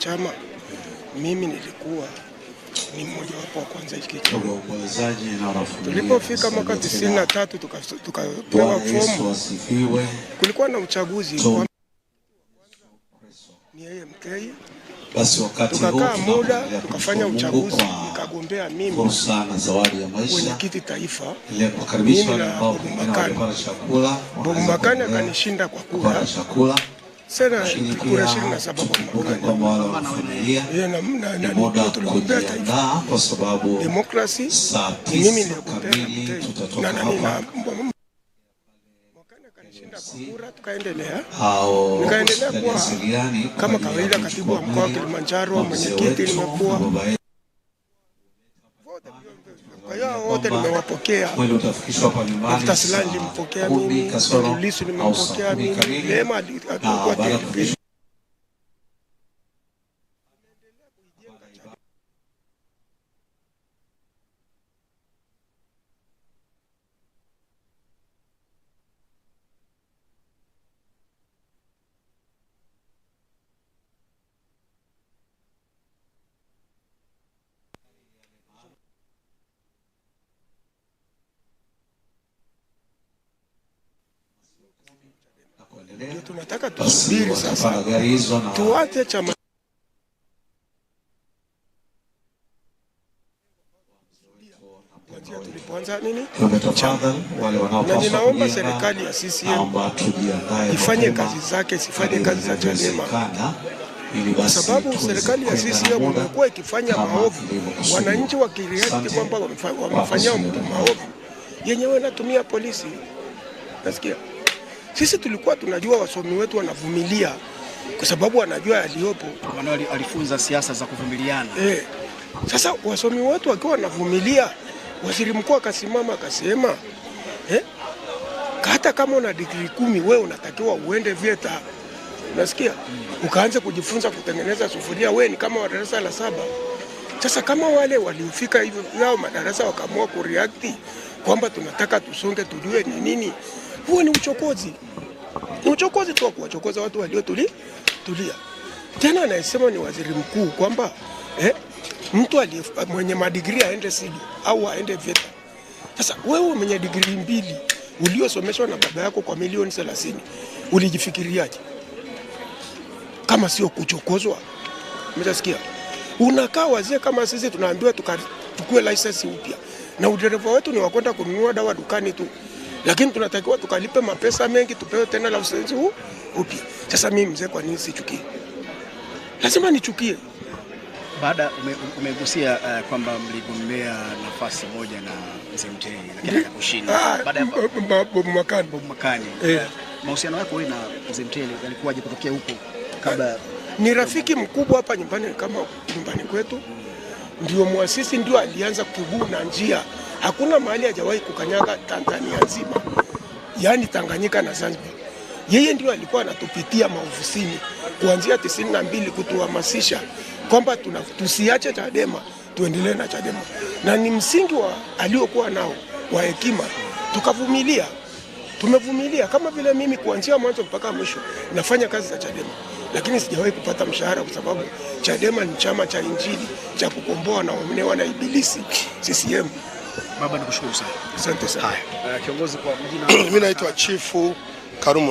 Chama mimi nilikuwa ni mmoja wapo wa kwanza hiki chama. Tulipofika mwaka 93 tukapewa fomu, kulikuwa na uchaguzi ni AMK. Basi wakati tukakaa muda tukafanya uchaguzi, nikagombea mimi kiti taifa, mimi na Bubu Makani akanishinda kwa kura sera kura ishirini na saba kwa mwaka demokrasi. Mimi niliogombea kura tukaendelea, nikaendelea kuwa kama kawaida, katibu wa mkoa wa Kilimanjaro, mwenyekiti nimekuwa, wote wote nimempokea, Dr. Silaa nilimpokea mimi, Tundu nimempokea mimi, Lema tunataka tusubiri sasa, tuwate chama tulipoanza nini Na ninaomba serikali ya CCM ifanye kazi zake, sifanye kazi za Chadema kwa sababu serikali ya CCM imekuwa ikifanya maovu, wananchi wakireact kwamba wamefanyia mtu maovu, yenyewe natumia polisi, nasikia sisi tulikuwa tunajua wasomi wetu wanavumilia kwa sababu wanajua yaliyopo. Maana alifunza siasa za kuvumiliana. Eh, sasa wasomi wetu wakiwa wanavumilia, waziri mkuu akasimama akasema eh, hata kama una digrii kumi wewe unatakiwa uende VETA, unasikia mm. ukaanze kujifunza kutengeneza sufuria. Wewe ni kama wa darasa la saba. Sasa kama wale waliofika hivyo yao madarasa wakaamua kureact kwamba tunataka tusonge, tujue ni nini huo ni uchokozi, uchokozi tu wa kuwachokoza watu walio tulia. Tena anayesema ni waziri mkuu kwamba eh, mtu aliye mwenye madigri aende sidi au aende VETA. Sasa wewe mwenye digrii mbili uliosomeshwa na baba yako kwa milioni 30 ulijifikiriaje? Kama sio kuchokozwa. Umesikia? Unakaa wazee kama sisi tunaambiwa tukue license upya, na udereva wetu ni wakwenda kununua dawa dukani tu lakini tunatakiwa tukalipe mapesa mengi tupewe tena la usenzi huu upya. Sasa mimi mzee, kwa nini sichukie? Lazima nichukie. Baada ume, umegusia uh, kwamba mligombea nafasi moja na mzee Mtei lakini akakushinda. Ah, Baada ya Bob Makani, Bob Makani, eh. eh, mahusiano yako wewe na mzee Mtei yalikuwaje kutokea huko kabla? Ni rafiki mkubwa hapa nyumbani, kama nyumbani kwetu, ndio mwasisi, ndio alianza kubuna njia hakuna mahali hajawahi kukanyaga Tanzania nzima, yaani Tanganyika na Zanzibar. Yeye ndio alikuwa anatupitia maofisini kuanzia tisini na mbili kutuhamasisha kwamba tusiache Chadema tuendelee na Chadema, na ni msingi wa aliokuwa nao wa hekima, tukavumilia tumevumilia kama vile mimi kuanzia mwanzo mpaka mwisho nafanya kazi za Chadema, lakini sijawahi kupata mshahara, kwa sababu Chadema ni chama cha Injili cha kukomboa na waonewa na Ibilisi CCM. Baba nikushukuru sana. Asante sana. Haya. Kiongozi kwa majina. Mimi naitwa Chifu Karumo.